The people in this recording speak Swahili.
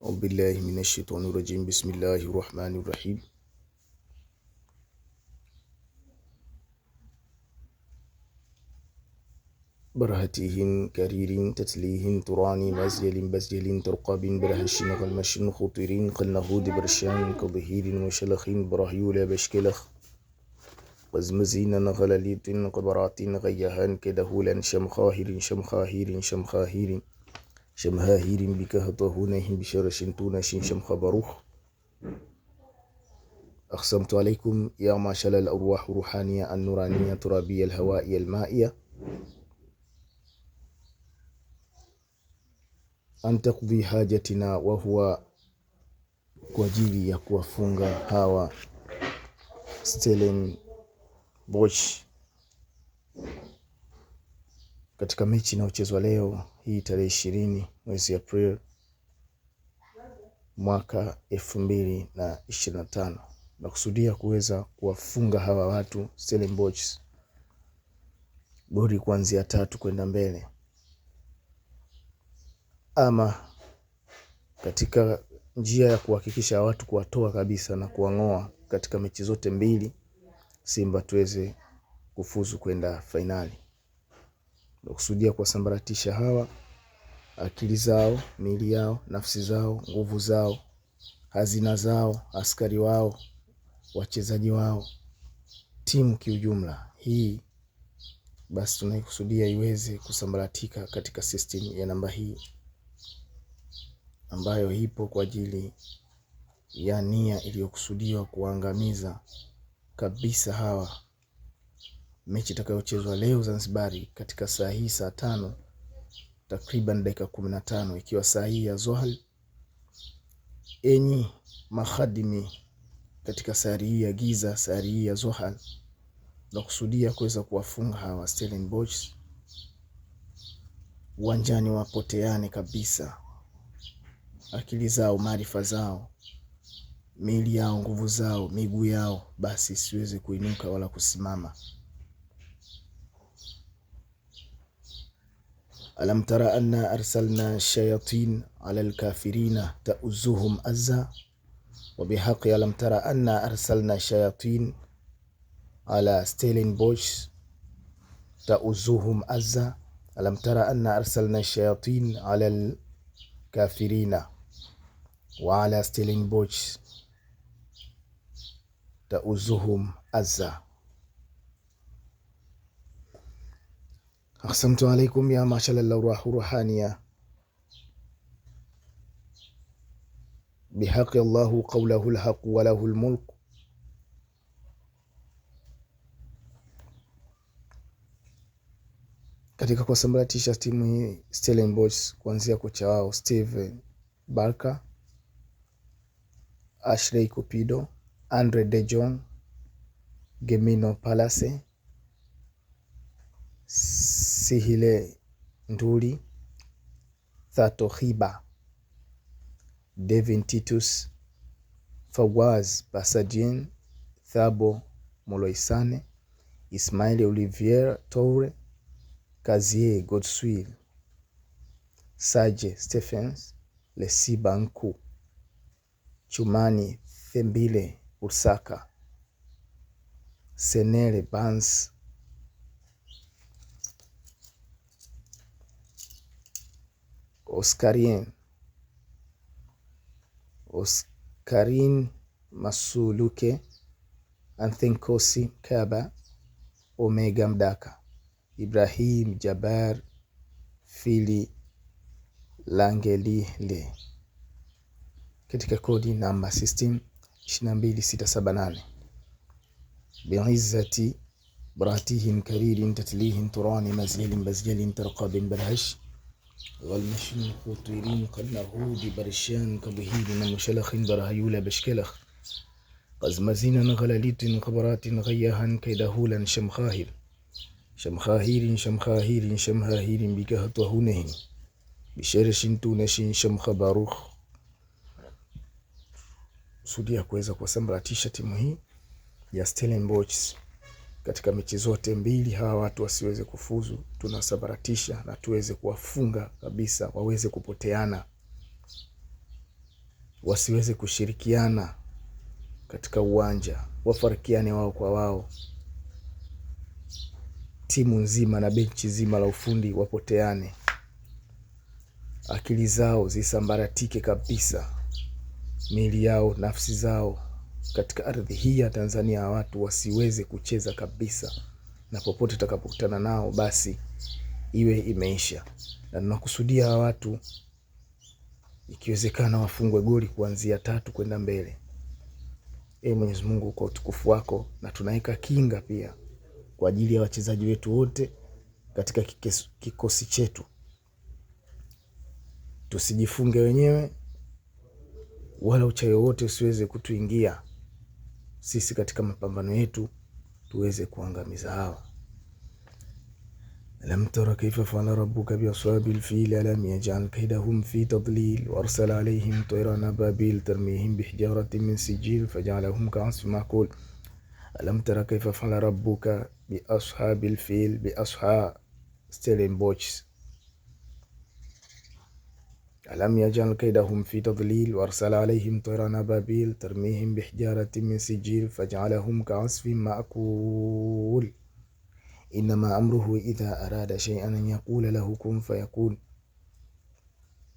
أعوذ بالله من الشيطان الرجيم بسم الله الرحمن الرحيم برهتهن كريرين تتليهن تراني مزجل بزجل ترقب برهشن غلمشن خطيرين قلنهود برشان كظهير وشلخين برهيول بشكلخ قزمزين نغلليت قبرات غيهان كدهولا شمخاهر شمخاهر شمخاهر, شمخاهير شم هيرين بك هطهونهم بشرش تونش شم خبروخ أقسمت عليكم يا شل الأرواح روحانية النورانية ترابية الهوائية المائية أن تقضي حاجتنا وهو kwa ajili فونغا هاوى ستيلين بوش katika mechi inayochezwa leo hii tarehe ishirini mwezi april mwaka elfu mbili na ishirini na tano nakusudia kusudia kuweza kuwafunga hawa watu Stellenbosch goli kuanzia tatu kwenda mbele, ama katika njia ya kuhakikisha watu kuwatoa kabisa na kuwang'oa katika mechi zote mbili, Simba tuweze kufuzu kwenda fainali. Nakusudia kuwasambaratisha hawa, akili zao, mili yao, nafsi zao, nguvu zao, hazina zao, askari wao, wachezaji wao, timu kiujumla hii basi tunaikusudia iweze kusambaratika katika system ya namba hii ambayo ipo kwa ajili ya nia iliyokusudiwa kuangamiza kabisa hawa mechi itakayochezwa leo Zanzibari katika saa hii saa tano takriban dakika kumi na tano ikiwa saa hii ya Zohal. Enyi mahadimi, katika safari hii ya giza, safari hii ya Zohal, na kusudia kuweza kuwafunga hawa Stellenbosch uwanjani, wapoteane kabisa, akili zao, maarifa zao, miili yao, nguvu zao, miguu yao, basi siweze kuinuka wala kusimama. ألم تر أنا أرسلنا الشياطين على الكافرين تؤزهم أزا وبحق ألم تر أنا أرسلنا الشياطين على ستيلين بوش تؤزهم أزا ألم تر أنا أرسلنا الشياطين على الكافرين وعلى ستيلين بوش تؤزهم أزا ahsantu alaikum ya mashallah ruhania bihaqi Allahu qawlahu lhaqu wa lahu lmulku katika kuwasambaratisha timu hii Stellenbosch, kuanzia kocha wao Steve Barker, Ashley Kupido, Andre De Jong, Gemino Palase, sihile nduli thato khiba devin titus fawaz basadien thabo moloisane ismail olivier toure kazie godswill sage stephens lesibanku nku chumani thembile ursaka senele bans Oscarien Oscarin Masuluke Anthonkosi Kaba Omega Mdaka Ibrahim Jabar Fili Langelile katika kodi namba 16 22678 biizzati bratihin karirin tatlihim turani mazilin bazjalin tarqabin balhash Galmashin Khuturin Kadnahuji Barishan Kabhidin Mushalakhin Barahayula Bishkelakh Qazmazinan Ghalalitin Qabaratin Ghayahan Kaidahulan Shamkhahir Shamkhahirin Shamkhahirin Shamhahirin Bikahatwahunahin Bisharishin Tunashin Shamkhabarukh Sudia kuweza kusambaratisha timu hii ya Stellenbosch katika mechi zote mbili hawa watu wasiweze kufuzu, tunasabaratisha na tuweze kuwafunga kabisa, waweze kupoteana, wasiweze kushirikiana katika uwanja, wafarikiane wao kwa wao, timu nzima na benchi zima la ufundi wapoteane, akili zao zisambaratike kabisa, mili yao, nafsi zao katika ardhi hii ya Tanzania watu wasiweze kucheza kabisa, na popote utakapokutana nao basi iwe imeisha. Na tunakusudia watu ikiwezekana wafungwe goli kuanzia tatu kwenda mbele. Ee Mwenyezi Mungu, kwa utukufu wako, na tunaweka kinga pia kwa ajili ya wachezaji wetu wote katika kikosi chetu, tusijifunge wenyewe wala uchawi wote usiweze kutuingia. sisi katika mapambano yetu tuweze kuangamiza hawa. Alam tara kaifa faala rabbuka biashabil fil alam yaj'al kaydahum fi tadlil wa arsala alayhim tayran ababil tarmihim bihijaratin min sijil faj'alahum ka'asfin ma'kul alam tara kaifa faala rabbuka biashabil fil biasha Stellenbosch ألم يجعل كيدهم في تضليل وأرسل عليهم طيرا أبابيل ترميهم بحجارة من سجيل فجعلهم كعصف مأكول إنما أمره إذا أراد شيئا أن يقول له كن فيكون